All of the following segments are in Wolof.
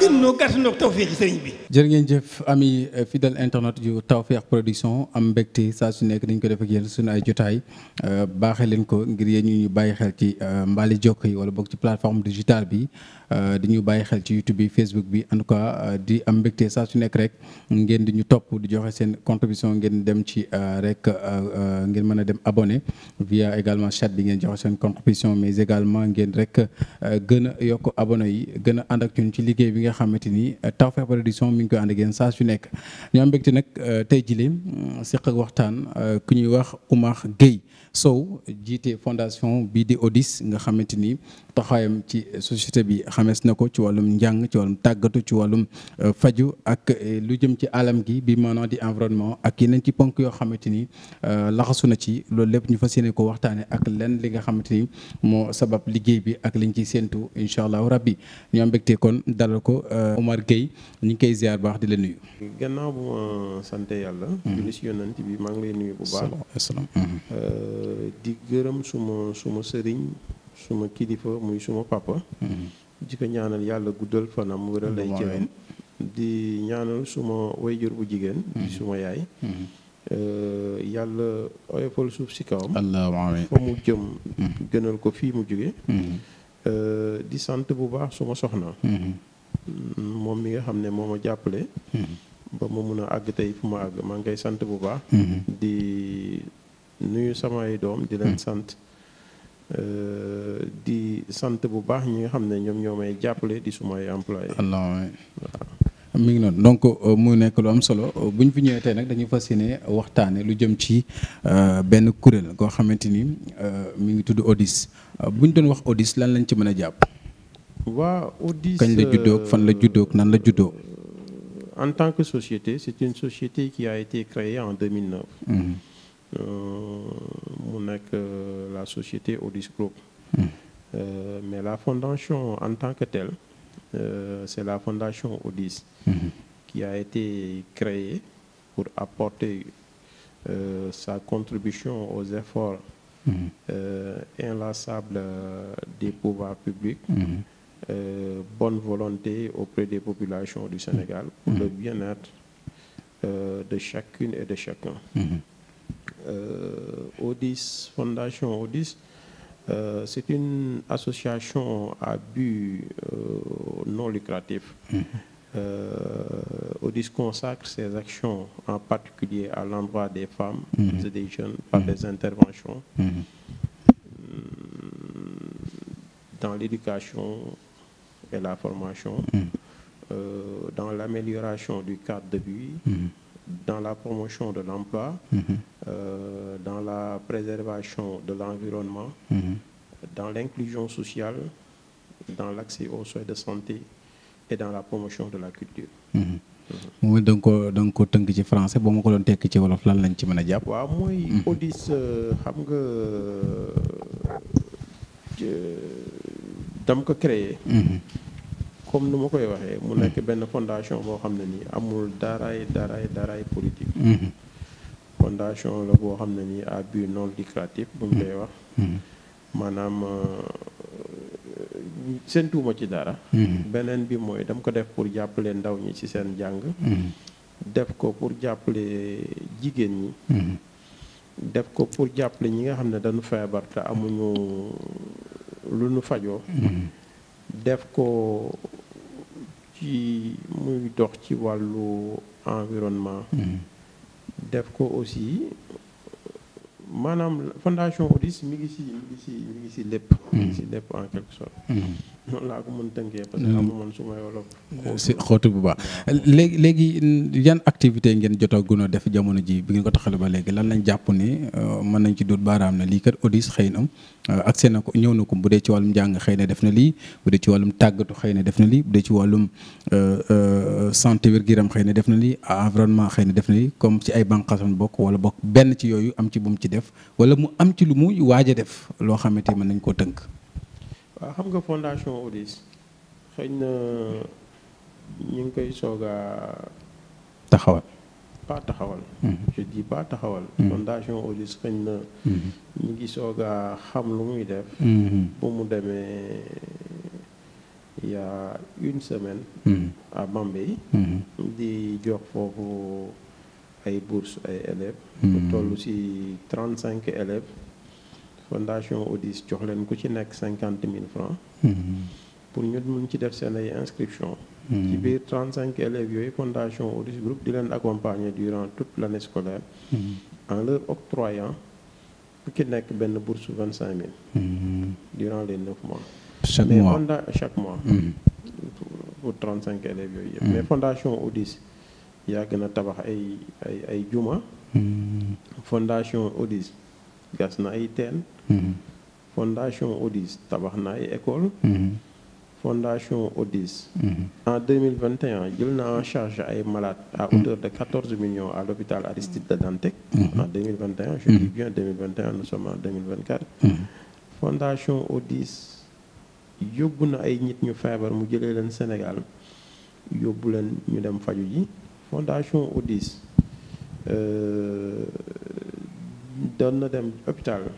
gën noo gàtt noo ngeen jëf ami euh, fidèle internet yu Tawfekh Production am mbégte saa su nekk dañ ko def ak yéen suñu ay jotaay euh, baaxe leen ko ngir yéen ñu bàyyi xel ci euh, mbaali jokk yi wala boog ci plateforme digitale bi di ñu bàyyi xel ci YouTube bi Facebook bi en tout cas di am mbégte saa su nekk rek ngeen di ñu topp di joxe seen contribution ngeen dem ci rek ngeen mën a dem abonné via également chat bi ngeen joxe seen contribution mais également ngeen rek gën a yokk abonné yi nga xamante ni euh, Tawfekh Production mi ngi koy ànd ak saa su nekk ñoo am mbégte nag euh, tey jii leen mm, seq waxtaan euh, ku ñuy wax Oumar Gueye Sow jiitee fondation bii di Odis nga xamante ni taxawaayam ci société bi xamees na ko ci wàllum njàng ci wàllum tàggatu ci wàllum euh, faju ak euh, lu jëm ci alam gi bi maanaa di environnement ak yeneen ci ponk yoo xamante ni euh, laxasu na ci loolu lépp ñu fas yéene ko waxtaane ak lenn li nga xamante ni moo sabab liggéey bi ak liñ ciy séentu incha allahu rabbi ñu am mbégte kon dalal ko Omar Gueye ñu koy ziar baax di la nuyu. gannaaw bu ma sant yàlla. Hmm. julli si yonent di gërëm suma suma sëriñ suma kilifa muy suma papa. Mm-hmm. di ñaanal yàlla guddal fanam wëral ay cëram di ñaanal suma wayjur bu jigéen. di mm-hmm. suma yaay. Mm-hmm. Euh, yàlla oyofal suuf si kawam. alhamdulilah mu jëm. gënal ko fii mu jóge euh, di sant bu baax suma soxna. moom mi nga xam ne moo ma jàppale. ba ma mun a àgg tey fu ma àgg maa ngi sant bu baax. di. nuyu samay doom di leen hmm. sant euh, di sant bu baax ñi nga xam ne ñoom ñoo may jàppale di sumay employé waaw mi ngi noonu donc euh, mu nekk lu am solo bu fi ñëwee tey nag dañuy fas yéene waxtaane lu jëm ci euh, benn kuréel goo xamante ni mi ngi tudd Odis buñ doon wax Odis lan lañ ci mën a jàpp. waa Odis kañ la juddoog fan la juddoog nan la juddoo. en tant que société c'est une société qui a été créée en 2009. Euh, mu nekk euh, la société Odis Group hmm. euh, mais la fondation en tant que telle c'est la fondation Odis hmm. qui a été créée pour apporter sa contribution aux efforts mmh. euh, inlassables des pouvoirs publics, mmh. euh, bonne volonté auprès des populations du hmm. Sénégal pour le bien-être de chacune et de chacun. Euh, ODIS, Fondation ODIS, euh, c'est une association à but euh, non lucratif. Mmh. Euh, consacre ses actions en particulier à l'endroit des femmes mhm. et des jeunes mhm. par mmh. des interventions mhm. euh, dans l'éducation et la formation, euh, dans l'amélioration du cadre de vie, dans la promotion de l'emploi, mm -hmm. dans la préservation de l'environnement, mm dans l'inclusion sociale, dans l'accès au soins de santé et dans la promotion de la culture. Mm-hmm. Mm-hmm. mooy da nga ko tënk ci français boo ma ko doon tekki ci wolof lan lañ ci mën a jàpp. waaw mooy ODIS euh, xam nga euh, dam ko créer comme nu ma koy waxee mu nekk hmm. benn fondation boo xam ne nii amul daraay daraay daraay politique hmm. fondation la boo xam ne nii à non lucratif bu ñu hmm. koy wax maanaam euh, seen tuuma ci dara beneen bi mooy dam ko def pour jàppale ndaw ñi ci seen jàng def ko pour jàppale jigéen ñi def ko pour jàppale ñi nga xam ne dañu feebar te amuñu lu nu fajoo def ko ci muy dox ci wàllu environnement hmm. def ko aussi maanaam fondation Odis mi ngi si mi ngi si mi lépp hmm. mi ngi si lépp en quelque sorte hmm. noonu laa ko mën tënkee parce que mm-hmm. amuloon su ma yooloo. bu baax léegi léegi yan activité ngeen jot a gën jamono ji bi ngeen ko taxale ba léegi lan lañ jàpp ni euh, mën nañ ci dóor baaraam ne lii kat audis xëy na euh, accès na ko ñëw na ko bu dee ci wàllum njàng xëy na def na lii bu wàllum tàggatu xëy na def na lii bu ci wàllum euh, santé wér giram xëy na def na lii environnement xëy na def na lii comme ci ay bànqaasan bokk wala bokk benn ci yooyu am ci bu mu ci def wala mu am ci lu mu waaj a def loo xamante mën nañ koo tënk waa xam nga fondation audis xëy na ñu ngi koy soog a taxawal. pas taxawal. Mm-hmm. je dis pas taxawal. Mm-hmm. fondation audis xëy na. Mm-hmm. ñu ngi soog a xam lu muy def. bu mu demee il y a une semaine. à Bambey. di jox foofu ay bourses ay élèves. mu ci trente cinq élèves. fondation Odis jox leen ku ci nekk cinquante mille francs mhm. pour ñu mun ci def seen ay inscription mhm. ci biir trente cinq élèves yooyu fondation Odis groupe di leen accompagner durant toute l'année scolaire mhm. en leur octroyant ku ci nekk benn bourse vingt cinq mille durant les neuf mois chaque mais mois fonda cinq élèves yooyu yëpp mais fondation audis yàgg na tabax ay ay ay juma fondation Odis gas na ay teen Mm-hmm. fondation audis tabax na ay école mm-hmm. fondation Odis mm-hmm. en 2021 jël na en charge ay malades à hauteur de 14 millions à l'hôpital Aristide de Dantec en 2021 je dis bien 2021 nous sommes en 2024 fondation audis yóbbu na ay nit ñu feebar mu jëlee leen senegal yóbbu leen ñu dem faju yi fondation audis euh, doon na dem hôpital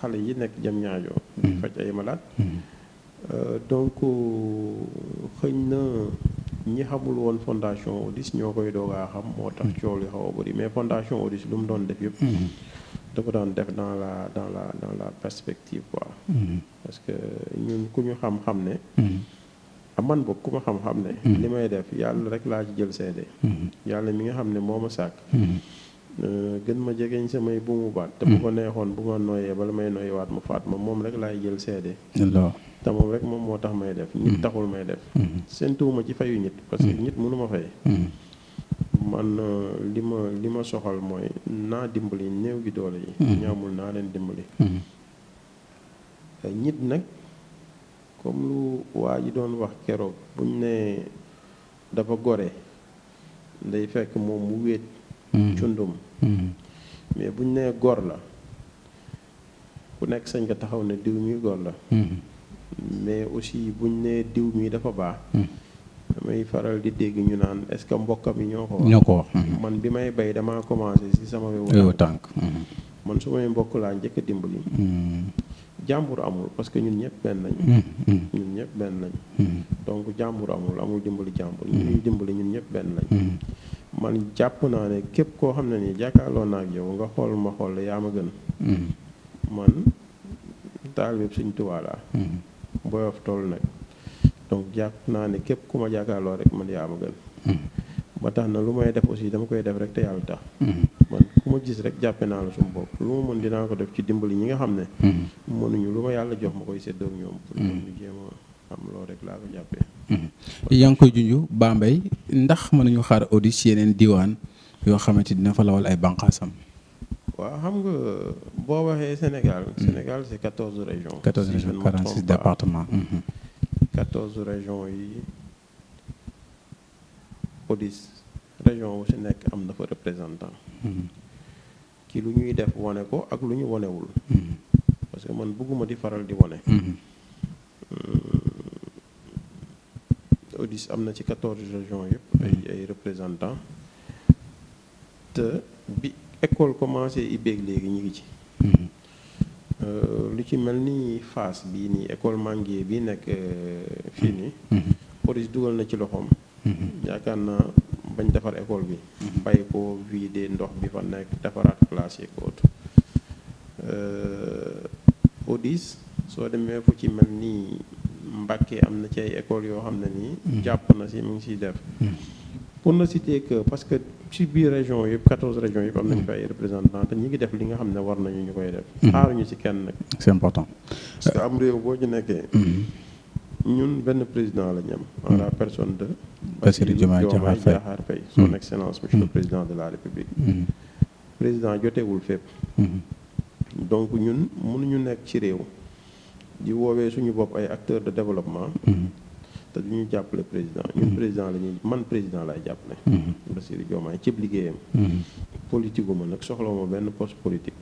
xale yi nekk jam ñaajo mm-hmm. di faj ay malade mm-hmm. euh, donc euh, xëñ na ñi xamul woon fondation Odis ñoo koy doogaa xam moo tax mm-hmm. coow li xaw a bëri mais fondation Odis lu mu doon def yëpp da ko daan def dans la dans la dans la perspective quoi parce que ñun ku ñu xam-xam ne ah, man boog ku ma xam-xam ne li may def yàlla rek laa ci jël seede yàlla mi nga xam ne moo ma sàkk Euh, gën ma jegeñ samay bu mu baat te bu ko neexoon bu ma nooyee bala may waat mu faat ma moom rek laay jël seede te moom rek moom moo tax may def nit mm-hmm. taxul may def mm-hmm. seentuwuma ci fayu nit parce que mm-hmm. nit mënu euh, ma fay man li ma soxal mooy naa dimbali néew gi doole yi naa leen dimbali euh, nit nag comme lu waa ji doon wax keroog buñ ne dafa gore day fekk moom mu wéet Mm. cundum mm. mais buñ nee gor la ku nekk sañ ko taxaw ne diw mi góor la mm. mais aussi buñ nee diw mii dafa baax damay faral di dégg ñu naan est-ce que mbokkam yi ñoo ko wax ñoo ko wax man bi may bay damaa commencé si sama wewu tànk man su may mbokk laa njëkk a dimbali jàmbur amul parce que ñun ñëpp benn lañ ñun donc jàmbur amul amul dimbali jàmbur ñun ñuy dimbali ñun ñëpp benn lañ man jàpp naa ne képp koo xam ne nii jàkkaarloo naa ak yow nga xool ma xool la yaa ma gën. Mm-hmm. man taalibe Sëñ Tuubaa laa. Mm-hmm. booyof nag donc jàpp naa ne képp ku ma jàkkaarloo rek man yaa ma gën. Mm-hmm. ba tax na lu may def aussi dama koy def rek te yàlla tax. man ku ma gis rek jàppe naa la suma bopp lu ma mën dinaa ko def ci dimbali ñi nga xam ne. mënuñu lu ma yàlla jox ma koy séddoo ak ñoom. pour ñoom ñu jéem a am loolu rek laa ko jàppee. yaa ngi koy junj Bambey ndax mën nañu xaar audit si yeneen diwaan yoo xamante dina fa lawal ay bànqaasam. waaw xam nga boo waxee Sénégal. Mm. Sénégal c'est quatorze régions. quatorze régions quarante six départements. Mm-hmm. quatorze régions yi audit région bu si nekk am dafa fa représentant. Mm-hmm. ci lu ñuy def wane ko ak lu ñu wanewul mm-hmm. parce que man bëgguma di faral di wane. Euh, audis am na ci quatorze régions yëpp ay ay représentants te bi école commencé ibbeeg léegi ñu ngi ci mhm. euh, lu ci mel ni Fass bii nii école Manguier bi nekk euh, fii nii audis mhm. mhm. dugal na ci loxoom yaakaar naa bañ defar école bi bàyyi ko vidé ndox bi fa nekk defaraat classe yeeg ootu audis euh, soo demee fu ci mel nii Mbacké am na ci ay écoles yoo xam ne nii. Hmm. jàpp na si mu ngi siy def. Hmm. pour ne citer que parce que ci biir région yëpp 14 régions yëpp am nañu fa hmm. ay représentants te ñi ngi li nga xam ne war nañu ñu koy def. xaaruñu si kenn nag. c'est important. parce que am réew boo ñu nekkee. ñun benn président la ñu am. en la personne de. Bassirou Diomaye Diakhar Faye son excellence monsieur le président de la république. président jotewul fépp. donc ñun ñu nekk ci réew. di woowee suñu bopp ay acteur de développement. Mm-hmm. te du jàppale président ñun mm-hmm. président la ñuy man président laay jàppale. Mm-hmm. Bassirou Diomaye cib liggéeyam. politique ma nag soxla ma benn poste politique.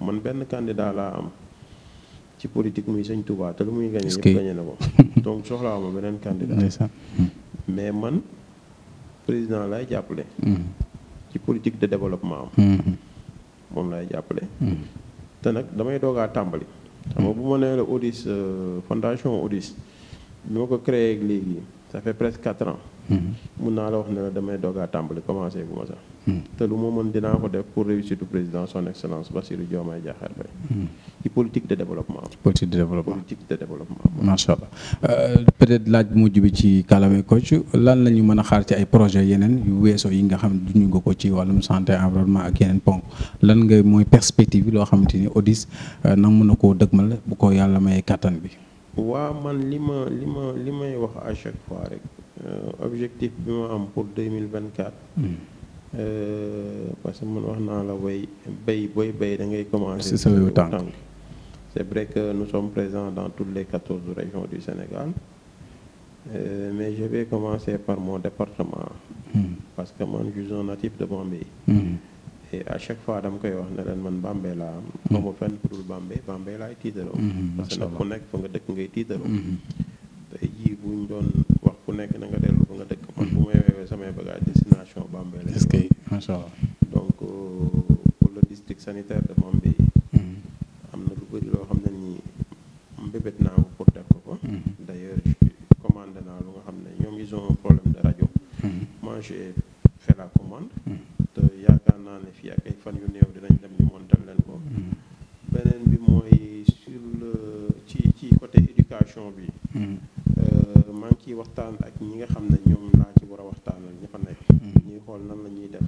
man benn candidat laa am ci politique muy sëñ Touba te lu muy gañe ñëpp gañe ne ko donc soxlaa ma beneen candidat. mais man président laay jàppale. ci politique de développement am. moom laay jàppale. te nag damay doogaa tàmbali. xam bu ma nee la Odis euh, fondation Odis bi ko créé ak léegi ça fait presque 4 ans. Mm-hmm. mun naa la wax ne la damay doog a tàmbali commencé bu ma sax. Mm-hmm. te lu ma mën dinaa ko def pour réussir du président son excellence Bassirou Diomaye Diakhar Faye. Mm-hmm. ci politique de développement. politique de macha allah euh, peut-être laaj bu mujj bi ci kàllaame coach lan la ñu mën a xaar ci ay projet yeneen yu weesoo yi nga xam ne duñu nga ko ci wàllum santé environnement ak yeneen ponk lan nga mooy perspective loo xamante ni Odis euh, na mën na koo dëgmal bu ko yàlla may kattan bi. waa man li ma li ma li may wax à chaque fois rek euh, objectif bi ma am pour 2024. Hmm. parce que man wax naa la way bay booy bay da ngay commencer. si sa tànk C'est vrai que nous sommes présents dans toutes les 14 régions du Sénégal. Euh, mais je vais commencer par mon département. Hmm. parce que man je suis un de Bambey. Mm. et chaque fois dam koy wax ne leen man Bambey laa am. xaw hmm. ma fenn pour Bambey Bambey hmm. parce que nag ku nekk fa nga dëkk ngay tiitaroo. te jii bu ñu doon wax ku nekk na nga dellu fa nga dëkk man bu may weewee samay bagages destination Bambey la. est donc euh, pour le district sanitaire de Bambey. am na lu bëri loo xam ne nii mbébét naa ko pour def ko ko mm-hmm. d'ailleurs commandé naa lu nga xam ne ñoom ils ont un problème de rajo mm-hmm. moi j'ai la commande mm-hmm. te yaakaar naa ne fii ak ay fan yu néew dinañ dem ñu montal leen ko beneen bi mooy sur le ci ci côté éducation bi euh, maa ngi ciy waxtaan ak ñi nga xam ne ñoom laa ci war a waxtaan ak ñi fa nekk ñuy xool nan la ñuy def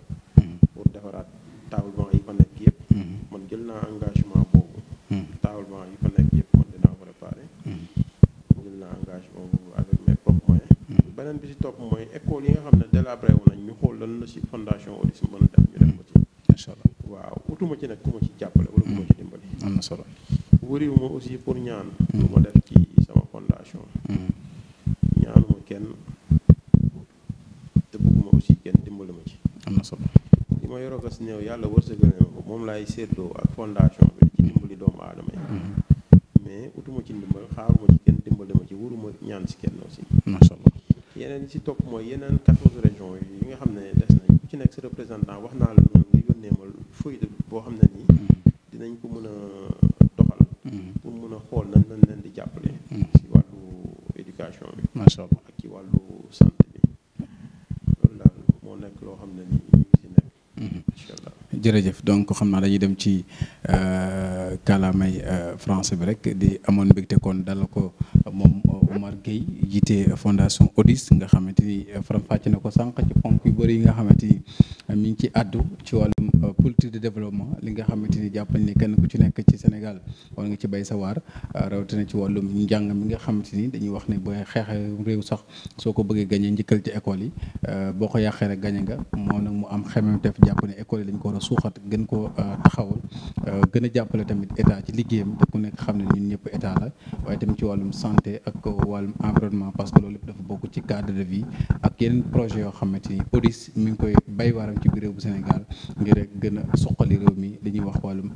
pour defaraat table banc yi fa nekk yëpp man jël naa engagement rassemblement yi fa nekk yëpp man dinaa ko préparé. Mm-hmm. jël naa engagement boobu avec mes mm-hmm. beneen bi ci topp mooy école yi nga xam ne délabré wu nañ ñu xool lan la si fondation Odis mën a def ñu def ko ci. Mm-hmm. incha waaw utuma ci nag ku ma ci jàppale wala ku ma ci dimbali. am solo wëriwuma aussi pour ñaan. lu ma def ci sama fondation. ñaanuma kenn te bëgguma aussi kenn dimbali ma ci. am na solo li ma yoroo néew yàlla wërsëgal na ma ko moom laay séddoo ak fondation. mais utuma ci ndimbal xaaruma ci kenn dimbal dama ci waruma ñaan si kenn aussi. macha allah yeneen yi si topp mooy yeneen 14 régions yi nga xam ne des nañ ku ci nekk si représentant wax naa la ñoom nga yónnee ma boo xam ne nii. Mm-hmm. dinañ ko mën a doxal. Mm-hmm. pour mën a xool nan lañ leen di jàppale. si mm-hmm. wàllu éducation bi. macha allah ak ci wàllu santé bi loolu moo nekk loo xam ne nii si nekk. jërëjëf donc xam naa dañuy dem ci. Euh, kàllaamay euh, français bi rek di amoon mbégte kon dala ko moom euh, Omar Gueye jiite fondation Odis nga xamante ni euh, faram na ko sànq ci ponk yu bëri yi nga xamante ni mi ci àddu ci wàllu. Euh, politique de développement li nga xamante ni jàpp nañ ni kenn ku ci nekk ci Sénégal war nga ci bay sa waar euh, rawatina ci wàllum njàng mi nga xamante ni dañuy wax ne booy xeexe réew sax soo ko bëggee gañe njëkkal ci école yi euh, boo ko yàqee rek gañe nga moo nag mu am xememteef jàpp ne école yi dañ ko war a suuxat gën koo taxawal gën a jàppale tamit état ci liggéeyam te ku nekk xam ne ñun ñëpp état la waaye tamit ci wàllum santé ak wàllum environnement parce que loolu lépp dafa bokk ci cadre de ak yeneen projet yoo xamante ni police mi ngi koy bay waaram ci biir réew Sénégal rek a suqali réew mi li ñuy wax wàllum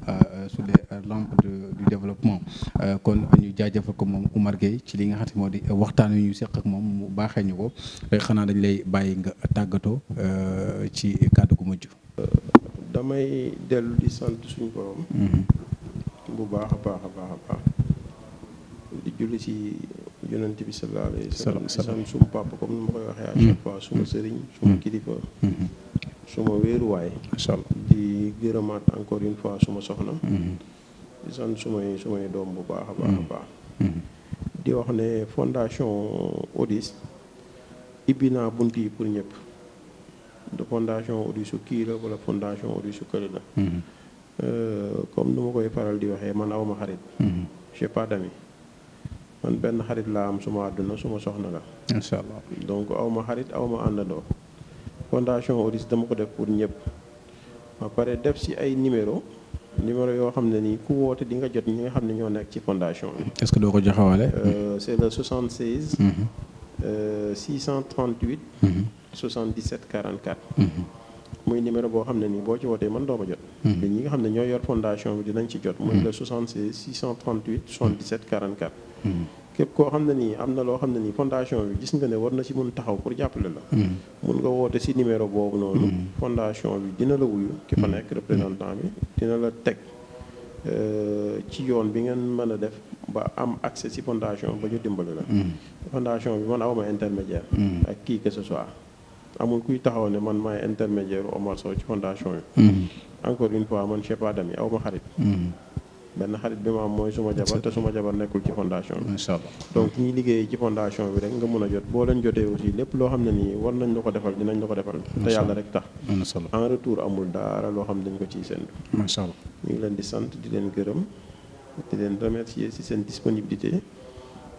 su dee lampe du développement euh, kon ñu jaajëfal ko moom Oumar Gueye ci li nga xam ne moo di waxtaan wi ñu seq ak moom mu baaxee ñu ko euh, xanaa dañ lay bàyyi nga tàggatoo euh, ci kàddu gu mujj. damay dellu di sant suñu borom. Mm-hmm. bu baax a baax a baax a baax di julli ci yonent bi sallallahu alayhi wa sallam. salaam salaam suñu papa comme ni ma koy waxee. à chaque mm-hmm. fois suma mm-hmm. sëriñ suma kilifa. suma wéeruwaay. macha allah di gërëmaat encore une fois suma soxna. Mm-hmm. di sant sumay sumay doom bu baax a baax a mm-hmm. baax. Mm-hmm. di wax ne fondation Odis ibbi naa bunt yi pour ñëpp. de fondation Odisu kii la wala fondation Odisu kële la. Euh, comme nu ma koy faral di waxee man awma xarit. j'ai pas man benn xarit laa am suma àdduna suma soxna la. macha allah donc awma xarit awma àndandoo. fondation Odis dama ko def pour ñëpp ba pare def si ay numéro numéro yoo xam ne nii ku woote di nga jot ñi nga xam ne ñoo nekk ci fondation bi. est-ce que doo ko joxewaale. Euh, c' est le 76. 638. 77 44. muy numéro boo xam ne nii boo ci wootee man doo ko jot. Mm-hmm. te ñi nga xam ne ñoo yor fondation bi dinañ ci jot. muy le 76 638 77 44. képp koo xam ne nii am na loo xam ne nii fondation bi gis nga ne war na si mun taxaw pour jàppale la. Hmm. mun nga woote si numéro boobu noonu. Hmm. fondation bi dina la wuyu. ki fa hmm. nekk représentant bi dina la teg euh, ci yoon bi ngeen mën a def ba am accès si fondation ba ñu dimbali la. fondation bi man awma intermédiaire. ak kii que ce soit amul kuy taxaw ne man maay intermédiaire Omar Sow ci fondation bi. encore une fois man je sais pas awma xarit. benn xarit bi ma am mooy suma jabar te suma jabar nekkul ci fondation bi macha allah donc ñuy liggéey ci fondation bi rek nga mën a jot boo leen jotee aussi lépp loo xam ne nii war nañ la ko defal dinañ la ko defal te yàlla rek tax en retour amul daara loo xam ne dañ ko ciy seen macha allah ñu ngi leen di sant di leen gërëm di leen remercier si seen disponibilité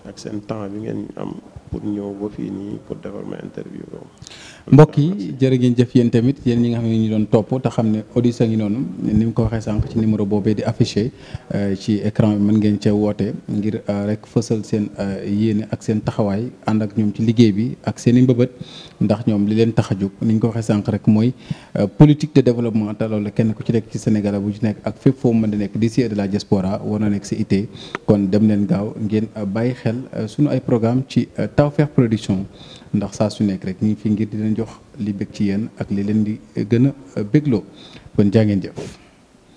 ak seen temps bi ngeen am pour ñëw ba fii nii pour defal ma interview boobu mbokk yi jër ngeen jëf yéen tamit yéen ñi nga xam ne ñu doon topp te xam ne audios a ngi noonu ni mu ko waxee sànq ci numéro boobee di affiché euh, ci écran bi mën ngeen cee woote ngir euh, rek fësal seen euh, yéene ak seen taxawaay ànd ak ñoom ci liggéey bi ak seen i mbëbët ndax ñoom li leen tax a jóg ni ñu ko waxee sànq rek mooy politique de développement te loolu kenn ku ci nekk ci Sénégal bu ci nekk ak fépp foo mën di nekk d'ici et de la diaspora war na nekk si ittee kon dem leen gaaw ngeen bàyyi xel suñu ay programme ci Tawfekh Production ndax saa su jox li bég ci yenn ak li leen di gën a bégloo kon jaa ngeen jëf